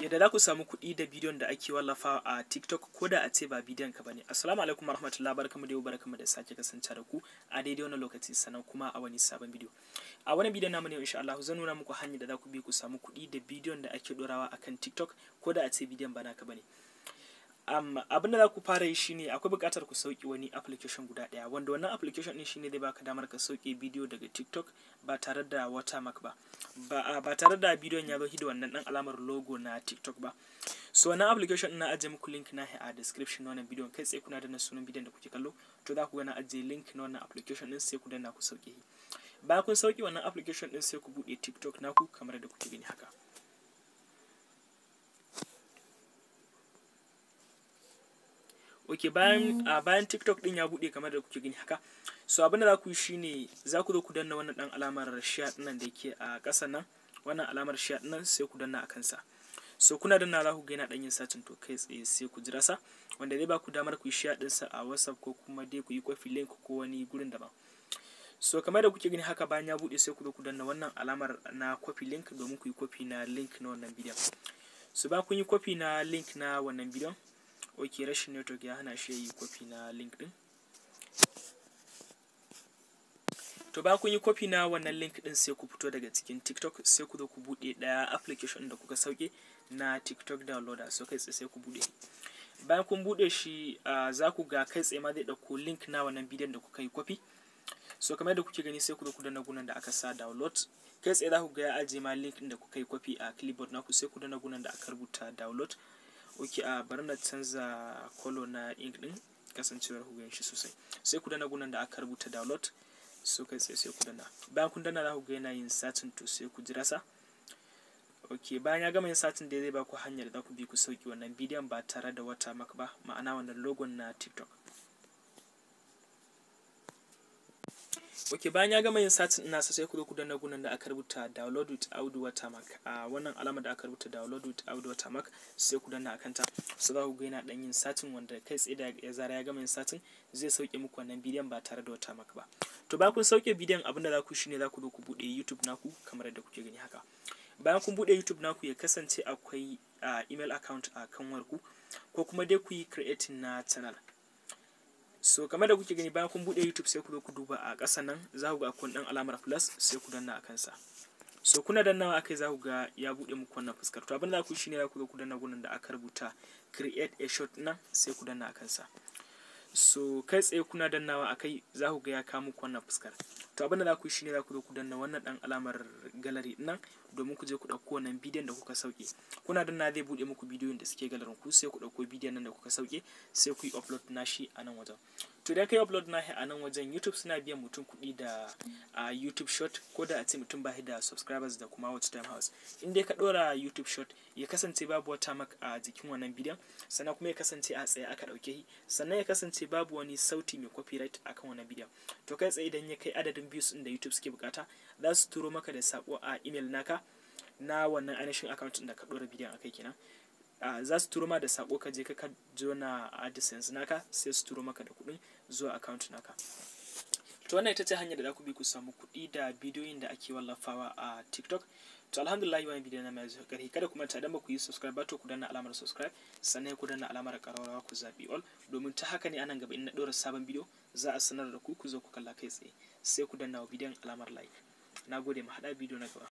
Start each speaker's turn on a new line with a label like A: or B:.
A: yadda za ku samu kuɗi da bidiyon da ake wallafa a tiktok ko da a ce ba bidiyon ka bane assalamu alaikum warahmatullahi barkamu da yau barkamu da sake kasance da ku a daidai wannan lokaci sannan kuma a wani sabon bidiyo a wani bidiyon namu ne insha Allah zan nuna muku hanyar da za ku bi ku samu kuɗi da bidiyon da ake dorawa akan tiktok ko da a ce bidiyon ba naka bane um, abin da za ku fara yi shine akwai buƙatar ku sauki wani application guda ɗaya wanda wannan application ɗin shine zai baka damar ka sauke bidiyo daga tiktok ba tare da watermark ba ba, tare da bidiyon ya zo da wannan dan alamar logo na tiktok ba so wannan application ɗin na ajiye muku link na a description na wannan bidiyon kai tsaye kuna da sunan bidiyon da kuke kallo to za ku ga na ajiye link na wannan application ɗin sai ku danna ku sauke bayan kun sauki wannan application ɗin sai ku buɗe tiktok naku kamar da kuke gani haka ok bayan a bayan tiktok din ya bude kamar da kuke gani haka so abin da za ku yi shine za ku zo ku danna wannan dan alamar share nan da yake a ƙasa nan wannan alamar share nan sai ku danna a kansa so kuna danna za ku ga yana dan yin sacin to kai tsaye sai ku jira sa wanda zai ba ku damar ku yi share din sa a whatsapp ko kuma dai ku yi kofi link ko wani gurin daban so kamar da kuke gani haka bayan ya bude sai ku zo ku danna wannan alamar na kofi link domin ku yi kofi na link na wannan bidiyon so ba kun yi kofi na link na wannan bidiyon ok rashin network ya hana shi ya yi copy na link din to ba kun yi copy na wannan link din sai ku fito daga cikin tiktok sai ku zo ku bude daya application da kuka sauke na tiktok downloader so kai sai ku bude bayan kun bude shi za ku ga kai tsaye ma zai dauko link na wannan bidiyon da kuka yi copy so kamar yadda kuke gani sai ku zo ku danna gunan da aka sa download kai tsaye za ku ga ya ajiye ma link din da kuka yi copy a clipboard naku sai ku danna gunan da aka rubuta download ok a ah, bari na canza kolo na ink din kasancewar ku shi sosai sai ku dana gunan da aka rubuta download so kai sai sai ku dana bayan kun dana ku yana yin satin to sai ku jira sa ok bayan ya gama yin satin da zai ba ku hanyar da za ku bi ku sauki wannan bidiyon ba tare da wata mak ba ma'ana wannan logon na tiktok okay bayan ya gama yin satin ina sai ku zo ku danna gunan da aka rubuta download with audio watermark a wannan alama da aka rubuta download with audio watermark sai ku danna akan ta su za ku ga yana dan yin satin wanda kai tsaye da ya zara ya gama yin satin zai sauke muku wannan bidiyon ba tare da watermark ba to ba kun sauke bidiyon abinda za ku shi ne za ku zo ku bude youtube naku kamar yadda kuke gani haka bayan kun bude youtube naku ya kasance akwai ah, email account a kanwar ku ko kuma dai ku yi creating na channel so kamar da kuke gani bayan kun bude youtube sai ku zo ku duba a ƙasa nan za ku ga akwai dan alamar plus sai ku danna a sa so kuna dannawa akai za ku ga ya bude muku wannan fuskar to abin da ku shine za ku zo ku danna gunan da aka rubuta create a shot nan sai ku danna a sa so kai tsaye kuna dannawa akai za ku ga ya kawo muku wannan fuskar to abin da za ku yi shine za ku zo danna wannan dan alamar gallery nan domin ku je ku dauko wannan bidiyon da kuka sauke kuna danna zai bude muku bidiyon da suke galarin ku sai ku dauko bidiyon nan da kuka sauke sai ku yi upload nashi a nan wajen to da yi upload na a nan wajen youtube suna biyan mutum kuɗi da a youtube short ko da a ce mutum ba da subscribers da kuma watch time house in dai ka ɗora youtube short ya kasance babu wata mak a jikin wannan bidiyon sannan kuma ya kasance a tsaye aka ɗauke shi sannan ya kasance babu wani sauti mai copyright akan wannan bidiyon to kai tsaye idan ya kai adadin views inda da youtube suke bukata za su turo maka da sako a email naka na wannan ainihin account da ka ɗora bidiyon akai kenan za su turo ma da sako ka je ka jo na AdSense naka sai su turo maka da kuɗin zuwa account naka to wannan ita ce hanyar da za ku bi ku samu kuɗi da bidiyoyin da ake wallafawa a TikTok to alhamdulillah wannan bidiyo na mai zuwa ƙarfi kada kuma ta dan ba ku yi subscribe ba to ku danna alamar subscribe sannan ku danna alamar ƙararrawa ku zabi all domin ta haka ne anan gaba in na ɗora sabon bidiyo za a sanar da ku ku zo ku kalla kai tsaye sai ku danna wa bidiyon alamar like na gode mu haɗa bidiyo na gaba